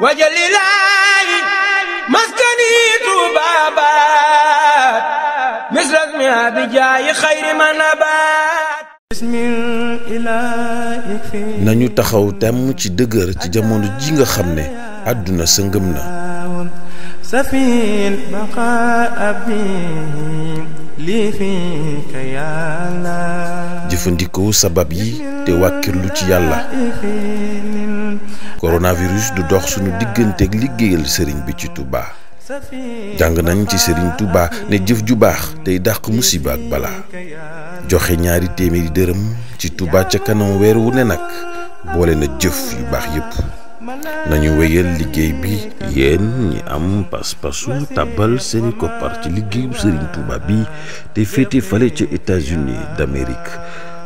wajalilaayi maskani Tuubaa baat misrasmi abijaayi xayri man abaat nañu taxaw temm ci dëgër ci jamono ji nga xam ne àdduna sëngëm na jëfandikoo sabab yi te lu ci yàlla korona coronavirus du dox sunu digganteeg liggéeyal sëriñ bi ci Touba jàng nañ ci sëriñ Touba ne jëf ju baax tey dàq musiba ak bala joxe ñaari téeméeri dërëm ci Touba ca kanam weer wu ne nag boole na jëf yu baax yépp nañu wéyal liggéey bi yéen ñi am pas-pasu tàbbal seen koppar ci liggéeyu sëriñ Touba bi te féete fale ca États-Unis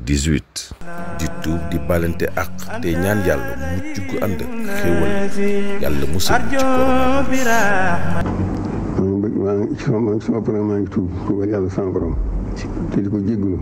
18 di tuub di balante ak te ñaan yàlla mucc gu ànd ak yàlla musal ci corona. maa maa ngi tuub tuubal yàlla sama borom. te di ko jégalu.